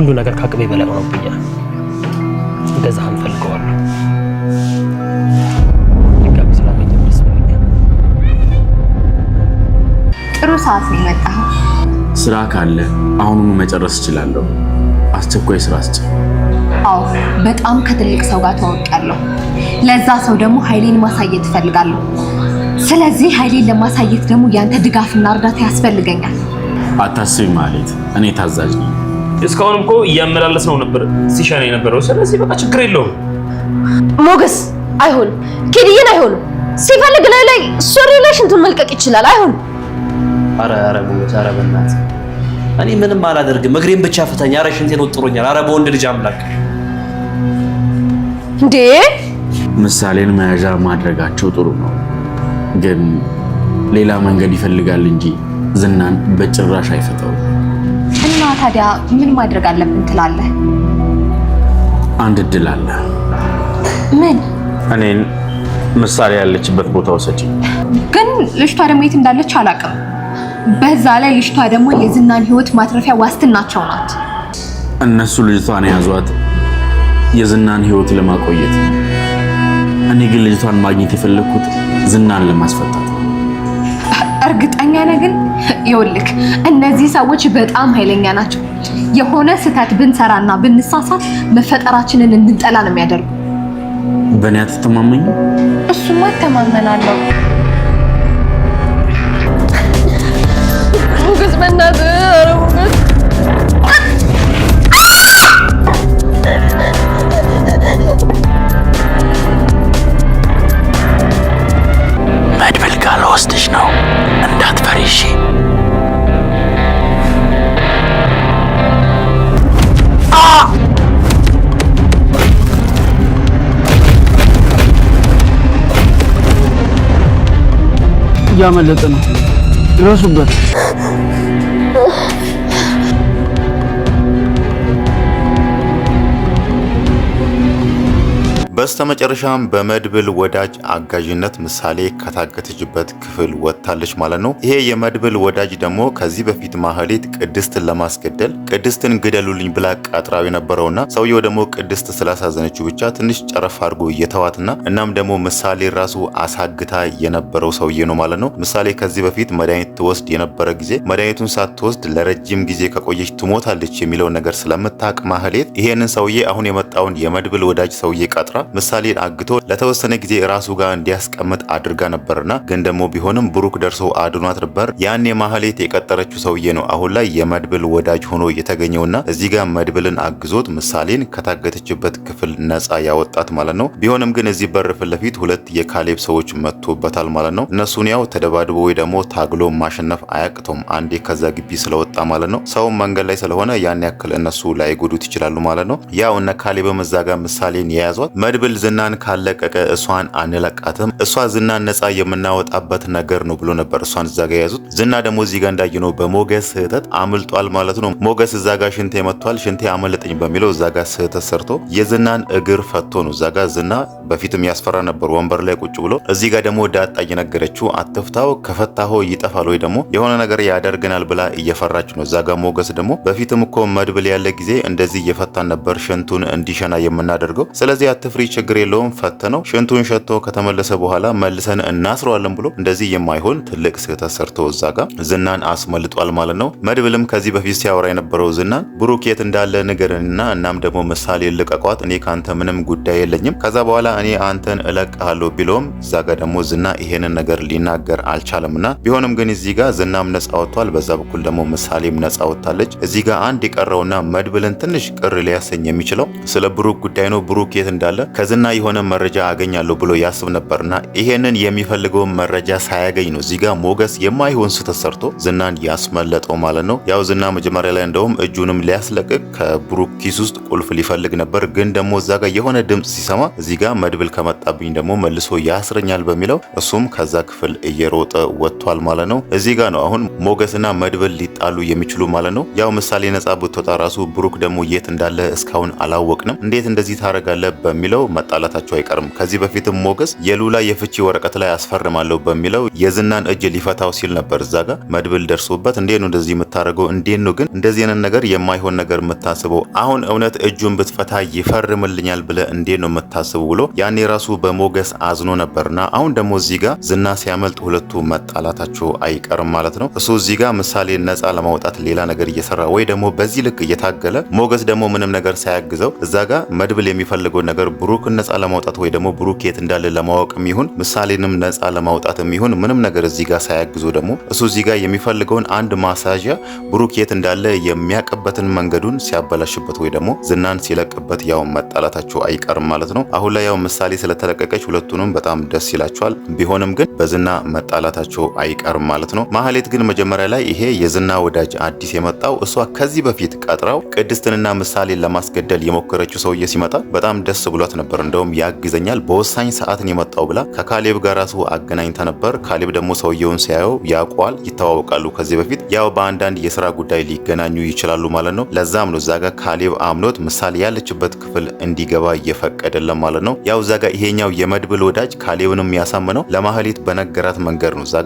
ሁሉ ነገር ከአቅሜ በላይ ሆኖብኛል። እንደዛ አንፈልገዋለሁ። ድጋሚ ደስ ጥሩ ሰዓት ነው የመጣኸው። ስራ ካለ አሁኑኑ መጨረስ እችላለሁ። አስቸኳይ ስራ አስጭ። አዎ በጣም ከትልቅ ሰው ጋር ተዋውቂያለሁ። ለዛ ሰው ደግሞ ኃይሌን ማሳየት እፈልጋለሁ። ስለዚህ ኃይሌን ለማሳየት ደግሞ ያንተ ድጋፍና እርዳታ ያስፈልገኛል። አታስቢ ማለት እኔ ታዛዥ ነኝ። እስካሁንም እኮ እያመላለስ ነው ነበር ሲሻና የነበረው። ስለዚህ በቃ ችግር የለውም ሞገስ። አይሆን ኬድዬን አይሆንም። ሲፈልግ ላይ ላይ ሶሪ ላይ ሽንቱን መልቀቅ ይችላል። አይሆንም። አረ አረ ሞገስ፣ አረ በእናት እኔ ምንም አላደርግም። እግሬን ብቻ ፍታኝ። አረ ሽንቴን ወጥሮኛል። አረ በወንድ ልጅ አምላክ እንዴ! ምሳሌን መያዣ ማድረጋቸው ጥሩ ነው፣ ግን ሌላ መንገድ ይፈልጋል እንጂ ዝናን በጭራሽ አይፈጠውም። ታዲያ ምን ማድረግ አለብን ትላለህ? አንድ እድል አለ። ምን? እኔን ምሳሌ ያለችበት ቦታ ወሰጂ። ግን ልጅቷ ደግሞ የት እንዳለች አላውቅም። በዛ ላይ ልጅቷ ደግሞ የዝናን ህይወት ማትረፊያ ዋስትናቸው ናት። እነሱ ልጅቷን የያዟት የዝናን ህይወት ለማቆየት፣ እኔ ግን ልጅቷን ማግኘት የፈለግኩት ዝናን ለማስፈታት እርግጠኛ ነህ ግን ይኸውልህ፣ እነዚህ ሰዎች በጣም ኃይለኛ ናቸው። የሆነ ስህተት ብንሰራና ብንሳሳት መፈጠራችንን እንድንጠላ ነው የሚያደርጉ። በእኔ አትተማመኝ? እሱማ እተማመናለሁ። ሞገስ በእናትህ እያመለጠ ነው። ድረሱበት። በስተመጨረሻም በመድብል ወዳጅ አጋዥነት ምሳሌ ከታገተችበት ክፍል ወጥታለች ማለት ነው። ይሄ የመድብል ወዳጅ ደግሞ ከዚህ በፊት ማህሌት ቅድስትን ለማስገደል ቅድስትን ግደሉልኝ ብላ ቀጥራው የነበረውና ሰውየው ደግሞ ቅድስት ስላሳዘነችው ብቻ ትንሽ ጨረፍ አድርጎ እየተዋትና እናም ደግሞ ምሳሌ ራሱ አሳግታ የነበረው ሰውዬ ነው ማለት ነው። ምሳሌ ከዚህ በፊት መድኃኒት ትወስድ የነበረ ጊዜ መድኃኒቱን ሳትወስድ ለረጅም ጊዜ ከቆየች ትሞታለች የሚለው ነገር ስለምታቅ ማህሌት ይሄንን ሰውዬ አሁን የመጣውን የመድብል ወዳጅ ሰውዬ ቀጥራ ምሳሌን አግቶ ለተወሰነ ጊዜ ራሱ ጋር እንዲያስቀምጥ አድርጋ ነበርና ግን ደግሞ ቢሆንም ብሩክ ደርሶ አድኗት ነበር። ያኔ ማህሌት የቀጠረችው ሰውዬ ነው አሁን ላይ የመድብል ወዳጅ ሆኖ የተገኘውና እዚህ ጋር መድብልን አግዞት ምሳሌን ከታገተችበት ክፍል ነጻ ያወጣት ማለት ነው። ቢሆንም ግን እዚህ በር ፊት ለፊት ሁለት የካሌብ ሰዎች መጥቶበታል ማለት ነው። እነሱን ያው ተደባድቦ ወይ ደግሞ ታግሎ ማሸነፍ አያቅቶም አንዴ ከዛ ግቢ ስለወጣ ማለት ነው። ሰውም መንገድ ላይ ስለሆነ ያን ያክል እነሱ ላይጎዱት ይችላሉ ማለት ነው። ያው እነ ካሌብ መዛጋ ምሳሌን የያዟት መድብል ዝናን ካለቀቀ እሷን አንለቃትም፣ እሷ ዝናን ነፃ የምናወጣበት ነገር ነው ብሎ ነበር እሷን እዛ ጋ የያዙት። ዝና ደግሞ እዚህ ጋ እንዳየ ነው በሞገስ ስህተት አምልጧል ማለት ነው። ሞገስ እዛ ጋ ሽንቴ መጥቷል፣ ሽንቴ አመለጠኝ በሚለው እዛ ጋ ስህተት ሰርቶ የዝናን እግር ፈቶ ነው እዛ ጋ ዝና በፊትም ያስፈራ ነበር ወንበር ላይ ቁጭ ብሎ። እዚህ ጋ ደግሞ ዳጣ እየነገረችው አትፍታው፣ ከፈታሆ ይጠፋል ወይ ደግሞ የሆነ ነገር ያደርገናል ብላ እየፈራች ነው እዛ ጋ ሞገስ ደግሞ በፊትም እኮ መድብል ያለ ጊዜ እንደዚህ እየፈታን ነበር ሽንቱን እንዲሸና የምናደርገው ስለዚህ አትፍሪ ችግር የለውም ፈተነው ሽንቱን ሸቶ ከተመለሰ በኋላ መልሰን እናስረዋለን ብሎ እንደዚህ የማይሆን ትልቅ ስህተት ሰርቶ እዛ ጋር ዝናን አስመልጧል ማለት ነው። መድብልም ከዚህ በፊት ሲያወራ የነበረው ዝናን ብሩክ የት እንዳለ ንገርንና እናም ደግሞ ምሳሌ ልቀቋት፣ እኔ ከአንተ ምንም ጉዳይ የለኝም፣ ከዛ በኋላ እኔ አንተን እለቅሃለሁ ቢለውም እዛ ጋር ደግሞ ዝና ይሄንን ነገር ሊናገር አልቻለምና ቢሆንም ግን እዚህ ጋር ዝናም ነጻ ወጥቷል። በዛ በኩል ደግሞ ምሳሌም ነጻ ወጥታለች። እዚህ ጋር አንድ የቀረውና መድብልን ትንሽ ቅር ሊያሰኝ የሚችለው ስለ ብሩክ ጉዳይ ነው። ብሩክ የት እንዳለ ከዝና የሆነ መረጃ አገኛለሁ ብሎ ያስብ ነበርና ይሄንን የሚፈልገውን መረጃ ሳያገኝ ነው እዚጋ ሞገስ የማይሆን ስህተት ሰርቶ ዝናን ያስመለጠው ማለት ነው። ያው ዝና መጀመሪያ ላይ እንደውም እጁንም ሊያስለቅቅ ከብሩክ ኪስ ውስጥ ቁልፍ ሊፈልግ ነበር፣ ግን ደግሞ እዛ ጋር የሆነ ድምፅ ሲሰማ እዚጋ መድብል ከመጣብኝ ደግሞ መልሶ ያስረኛል በሚለው እሱም ከዛ ክፍል እየሮጠ ወጥቷል ማለት ነው። እዚህ ጋር ነው አሁን ሞገስና መድብል ሊጣሉ የሚችሉ ማለት ነው። ያው ምሳሌ ነጻ ብትወጣ ራሱ ብሩክ ደግሞ የት እንዳለ እስካሁን አላወቅንም፣ እንዴት እንደዚህ ታደርጋለህ በሚለው መጣላታቸው አይቀርም። ከዚህ በፊትም ሞገስ የሉላ የፍቺ ወረቀት ላይ አስፈርማለሁ በሚለው የዝናን እጅ ሊፈታው ሲል ነበር። እዛ ጋር መድብል ደርሶበት እንዴት ነው እንደዚህ የምታደርገው? እንዴት ነው ግን እንደዚህ አይነት ነገር የማይሆን ነገር የምታስበው? አሁን እውነት እጁን ብትፈታ ይፈርምልኛል ብለ እንዴት ነው የምታስቡ ብሎ ያኔ ራሱ በሞገስ አዝኖ ነበርና አሁን ደግሞ እዚህ ጋር ዝና ሲያመልጥ ሁለቱ መጣላታቸው አይቀርም ማለት ነው። እሱ እዚህ ጋር ምሳሌ ነፃ ለማውጣት ሌላ ነገር እየሰራ ወይ ደግሞ በዚህ ልክ እየታገለ ሞገስ ደግሞ ምንም ነገር ሳያግዘው እዛ ጋር መድብል የሚፈልገው ነገር ብሩ ብሩክን ነፃ ለማውጣት ወይ ደግሞ ብሩክ የት እንዳለ ለማወቅ የሚሆን ምሳሌንም ነፃ ለማውጣት የሚሆን ምንም ነገር እዚህ ጋር ሳያግዙ ደግሞ እሱ እዚህ ጋር የሚፈልገውን አንድ ማሳዣ ብሩክ የት እንዳለ የሚያቅበትን መንገዱን ሲያበላሽበት ወይ ደግሞ ዝናን ሲለቅበት ያው መጣላታቸው አይቀርም ማለት ነው። አሁን ላይ ያው ምሳሌ ስለተለቀቀች ሁለቱንም በጣም ደስ ይላቸዋል። ቢሆንም ግን በዝና መጣላታቸው አይቀርም ማለት ነው። ማህሌት ግን መጀመሪያ ላይ ይሄ የዝና ወዳጅ አዲስ የመጣው እሷ ከዚህ በፊት ቀጥራው ቅድስትንና ምሳሌን ለማስገደል የሞከረችው ሰውዬ ሲመጣ በጣም ደስ ብሏት ነበር። እንደውም ያግዘኛል በወሳኝ ሰዓትን የመጣው ብላ ከካሌብ ጋር ራሱ አገናኝታ ነበር። ካሌብ ደግሞ ሰውየውን ሲያየው ያውቀዋል፣ ይተዋወቃሉ። ከዚህ በፊት ያው በአንዳንድ የስራ ጉዳይ ሊገናኙ ይችላሉ ማለት ነው። ለዛም ነው እዛጋ ካሌብ አምኖት ምሳሌ ያለችበት ክፍል እንዲገባ እየፈቀደለን ማለት ነው። ያው እዛ ይሄኛው የመድብል ወዳጅ ካሌብንም ያሳምነው ለማህሌት በነገራት መንገድ ነው። እዛ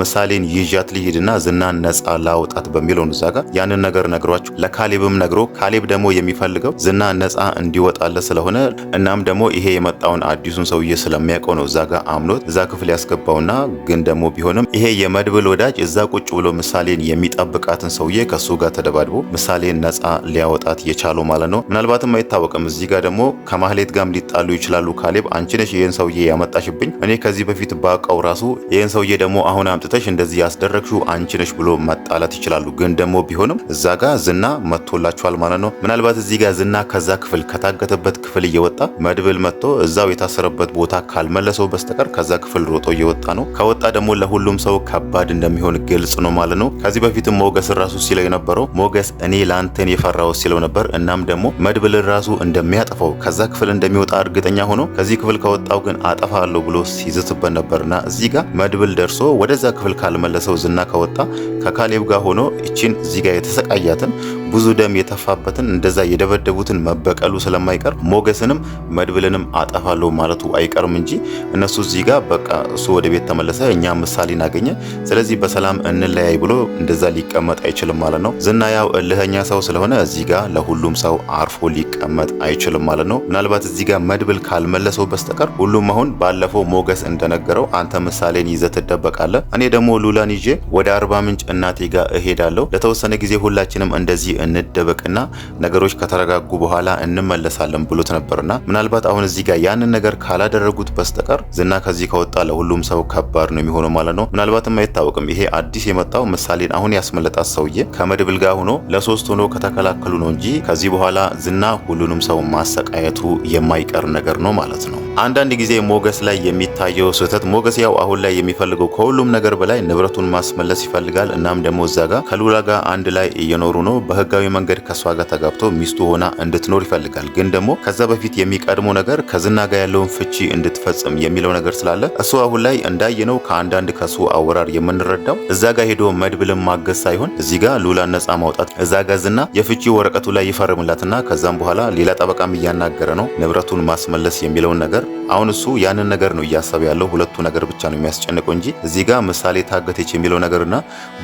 ምሳሌን ይዣት ሊሄድና ዝናን ነፃ ላውጣት በሚለው ነው። እዛ ያንን ነገር ነግሯቸው ለካሌብም ነግሮ ካሌብ ደግሞ የሚፈልገው ዝና ነፃ እንዲወጣለ ስለሆነ እና እናም ደግሞ ይሄ የመጣውን አዲሱን ሰውዬ ስለሚያውቀው ነው እዛ ጋር አምኖት እዛ ክፍል ያስገባውና ግን ደግሞ ቢሆንም ይሄ የመድብል ወዳጅ እዛ ቁጭ ብሎ ምሳሌን የሚጠብቃትን ሰውዬ ከሱ ጋር ተደባድቦ ምሳሌን ነፃ ሊያወጣት የቻለው ማለት ነው። ምናልባትም አይታወቅም። እዚህ ጋር ደግሞ ከማህሌት ጋርም ሊጣሉ ይችላሉ። ካሌብ አንቺ ነሽ ይህን ሰውዬ ያመጣሽብኝ፣ እኔ ከዚህ በፊት ባውቀው ራሱ ይህን ሰውዬ ደግሞ አሁን አምጥተሽ እንደዚህ ያስደረግሽው አንቺ ነሽ ብሎ መጣላት ይችላሉ። ግን ደግሞ ቢሆንም እዛ ጋር ዝና መጥቶላቸዋል ማለት ነው። ምናልባት እዚህ ጋር ዝና ከዛ ክፍል ከታገተበት ክፍል እየወጣ መድብል መጥቶ እዛው የታሰረበት ቦታ ካልመለሰው በስተቀር ከዛ ክፍል ሮጦ እየወጣ ነው። ከወጣ ደግሞ ለሁሉም ሰው ከባድ እንደሚሆን ግልጽ ነው ማለት ነው። ከዚህ በፊትም ሞገስ ራሱ ሲለው የነበረው ሞገስ እኔ ላንተን የፈራው ሲለው ነበር። እናም ደግሞ መድብልን ራሱ እንደሚያጠፋው ከዛ ክፍል እንደሚወጣ እርግጠኛ ሆኖ ከዚህ ክፍል ከወጣው ግን አጠፋለሁ ብሎ ሲዝትበት ነበርና እዚህ ጋር መድብል ደርሶ ወደዛ ክፍል ካልመለሰው ዝና ከወጣ ከካሌብ ጋር ሆኖ እቺን እዚህ ጋር የተሰቃያትን ብዙ ደም የተፋበትን እንደዛ የደበደቡትን መበቀሉ ስለማይቀር ሞገስንም መድብልንም አጠፋለሁ ማለቱ አይቀርም እንጂ እነሱ እዚህ ጋር በቃ እሱ ወደ ቤት ተመለሰ፣ እኛ ምሳሌን አገኘ፣ ስለዚህ በሰላም እንለያይ ብሎ እንደዛ ሊቀመጥ አይችልም ማለት ነው። ዝና ያው እልህኛ ሰው ስለሆነ እዚህ ጋር ለሁሉም ሰው አርፎ ሊቀመጥ አይችልም ማለት ነው። ምናልባት እዚህ ጋር መድብል ካልመለሰው በስተቀር ሁሉም አሁን ባለፈው ሞገስ እንደነገረው አንተ ምሳሌን ይዘ ትደበቃለህ፣ እኔ ደግሞ ሉላን ይዤ ወደ አርባ ምንጭ እናቴ ጋር እሄዳለሁ፣ ለተወሰነ ጊዜ ሁላችንም እንደዚህ እንደበቅና ነገሮች ከተረጋጉ በኋላ እንመለሳለን ብሎት ነበርና ምናልባት አሁን እዚህ ጋር ያንን ነገር ካላደረጉት በስተቀር ዝና ከዚህ ከወጣ ለሁሉም ሰው ከባድ ነው የሚሆነው ማለት ነው። ምናልባትም አይታወቅም። ይሄ አዲስ የመጣው ምሳሌን አሁን ያስመለጣት ሰውዬ ከመድብል ጋር ሆኖ ለሶስት ሆኖ ከተከላከሉ ነው እንጂ ከዚህ በኋላ ዝና ሁሉንም ሰው ማሰቃየቱ የማይቀር ነገር ነው ማለት ነው። አንዳንድ ጊዜ ሞገስ ላይ የሚታየው ስህተት ሞገስ ያው አሁን ላይ የሚፈልገው ከሁሉም ነገር በላይ ንብረቱን ማስመለስ ይፈልጋል። እናም ደግሞ እዛ ጋር ከሉላ ጋር አንድ ላይ እየኖሩ ነው። በህጋዊ መንገድ ከእሷ ጋር ተጋብቶ ሚስቱ ሆና እንድትኖር ይፈልጋል። ግን ደግሞ ከዛ በፊት የሚቀድመው ነገር ከዝና ጋር ያለውን ፍቺ እንድትፈጽም የሚለው ነገር ስላለ እሱ አሁን ላይ እንዳየነው ከአንዳንድ ከሱ አወራር የምንረዳው እዛ ጋር ሄዶ መድብልን ማገዝ ሳይሆን እዚህ ጋር ሉላን ነፃ ማውጣት እዛ ጋር ዝና የፍቺ ወረቀቱ ላይ ይፈርምላትና ከዛም በኋላ ሌላ ጠበቃም እያናገረ ነው ንብረቱን ማስመለስ የሚለውን ነገር አይደለም። አሁን እሱ ያንን ነገር ነው እያሰበ ያለው። ሁለቱ ነገር ብቻ ነው የሚያስጨንቀው እንጂ እዚህ ጋር ምሳሌ ታገተች የሚለው ነገርና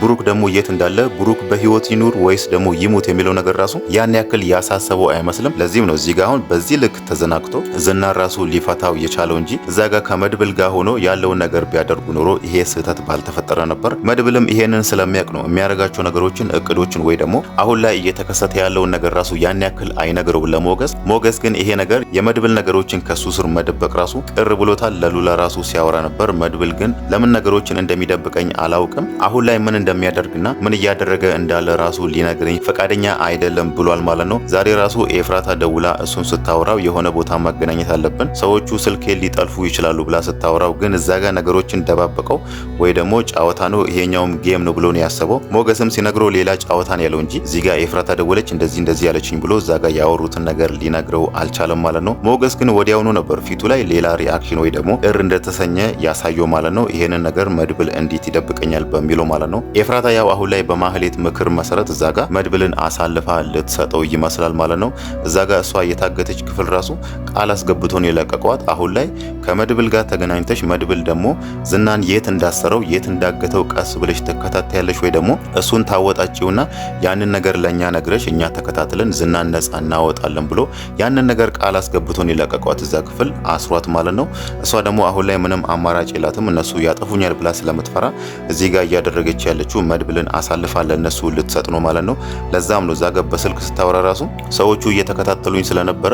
ብሩክ ደግሞ የት እንዳለ ብሩክ በህይወት ይኑር ወይስ ደግሞ ይሙት የሚለው ነገር ራሱ ያን ያክል ያሳሰበው አይመስልም። ለዚህም ነው እዚህ ጋር አሁን በዚህ ልክ ተዘናግቶ ዝና ራሱ ሊፈታው የቻለው እንጂ እዛ ጋር ከመድብል ጋር ሆኖ ያለውን ነገር ቢያደርጉ ኖሮ ይሄ ስህተት ባልተፈጠረ ነበር። መድብልም ይሄንን ስለሚያውቅ ነው የሚያደርጋቸው ነገሮችን፣ እቅዶችን ወይ ደግሞ አሁን ላይ እየተከሰተ ያለውን ነገር ራሱ ያን ያክል አይነግረው ለሞገስ። ሞገስ ግን ይሄ ነገር የመድብል ነገሮችን ከሱ ስር መድ መደበቅ ራሱ ቅር ብሎታል። ለሉላ ራሱ ሲያወራ ነበር። መድብል ግን ለምን ነገሮችን እንደሚደብቀኝ አላውቅም። አሁን ላይ ምን እንደሚያደርግና ምን እያደረገ እንዳለ ራሱ ሊነግረኝ ፈቃደኛ አይደለም ብሏል ማለት ነው። ዛሬ ራሱ ኤፍራታ ደውላ እሱን ስታወራው የሆነ ቦታ ማገናኘት አለብን፣ ሰዎቹ ስልኬ ሊጠልፉ ይችላሉ ብላ ስታወራው ግን እዛ ጋር ነገሮችን ደባበቀው ወይ ደግሞ ጫወታ ነው ይሄኛውም ጌም ነው ብሎ ነው ያሰበው። ሞገስም ሲነግረው ሌላ ጨዋታ ነው ያለው እንጂ እዚህ ጋር ኤፍራታ ደወለች እንደዚህ እንደዚህ ያለችኝ ብሎ እዛ ጋር ያወሩትን ነገር ሊነግረው አልቻለም ማለት ነው። ሞገስ ግን ወዲያውኑ ነበር ፊቱ ድርጊቱ ላይ ሌላ ሪአክሽን ወይ ደግሞ እር እንደተሰኘ ያሳየው ማለት ነው። ይሄንን ነገር መድብል እንዴት ይደብቀኛል በሚለው ማለት ነው። ኤፍራታ ያው አሁን ላይ በማህሌት ምክር መሰረት እዛ ጋር መድብልን አሳልፋ ልትሰጠው ይመስላል ማለት ነው። እዛ ጋር እሷ የታገተች ክፍል ራሱ ቃል አስገብቶን የለቀቋት አሁን ላይ ከመድብል ጋር ተገናኝተሽ መድብል ደግሞ ዝናን የት እንዳሰረው የት እንዳገተው ቀስ ብለሽ ተከታታያለሽ ወይ ደግሞ እሱን ታወጣጭውና ያንን ነገር ለእኛ ነግረሽ እኛ ተከታትለን ዝናን ነጻ እናወጣለን ብሎ ያንን ነገር ቃል አስገብቶን የለቀቋት እዛ ክፍል አስሯት ማለት ነው። እሷ ደግሞ አሁን ላይ ምንም አማራጭ የላትም እነሱ ያጠፉኛል ብላ ስለምትፈራ እዚህ ጋር እያደረገች ያለችው መድብልን አሳልፋ ለእነሱ ልትሰጥ ነው ማለት ነው። ለዛም ነው እዛ ጋር በስልክ ስታወራ ራሱ ሰዎቹ እየተከታተሉኝ ስለነበረ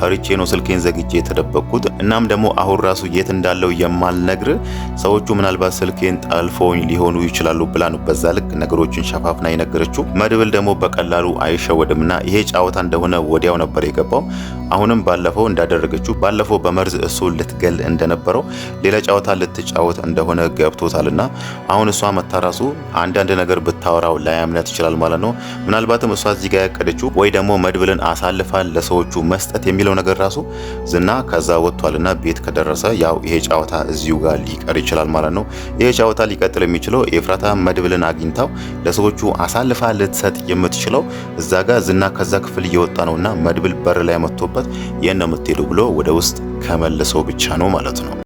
ፈሪቼ ነው ስልኬን ዘግቼ የተደበቅኩት። እናም ደግሞ አሁን ራሱ የት እንዳለው የማልነግር ሰዎቹ ምናልባት ስልኬን ጠልፎኝ ሊሆኑ ይችላሉ ብላ ነው በዛ ልክ ነገሮችን ሸፋፍና የነገረችው። መድብል ደግሞ በቀላሉ አይሸወድምና ይሄ ጫወታ እንደሆነ ወዲያው ነበር የገባው። አሁንም ባለፈው እንዳደረገችው ባለፈው በመርዝ እሱ ልትገል እንደነበረው ሌላ ጨዋታ ልትጫወት እንደሆነ ገብቶታልና አሁን እሷ መታራሱ አንዳንድ ነገር ብታወራው ላያምነት ይችላል ማለት ነው። ምናልባትም እሷ እዚህ ጋር ያቀደችው ወይ ደግሞ መድብልን አሳልፋል ለሰዎቹ መስጠት የሚለው ነገር ራሱ ዝና ከዛ ወጥቷልና ቤት ከደረሰ ያው ይሄ ጨዋታ እዚሁ ጋር ሊቀር ይችላል ማለት ነው። ይሄ ጨዋታ ሊቀጥል የሚችለው ኤፍራታ መድብልን አግኝታው ለሰዎቹ አሳልፋ ልትሰጥ የምትችለው እዛ ጋር ዝና ከዛ ክፍል እየወጣ ነውና መድብል በር ላይ መጥቶበት የት ነው የምትሄዱ ብሎ ወደ ውስጥ ከመልሰው ብቻ ነው ማለት ነው።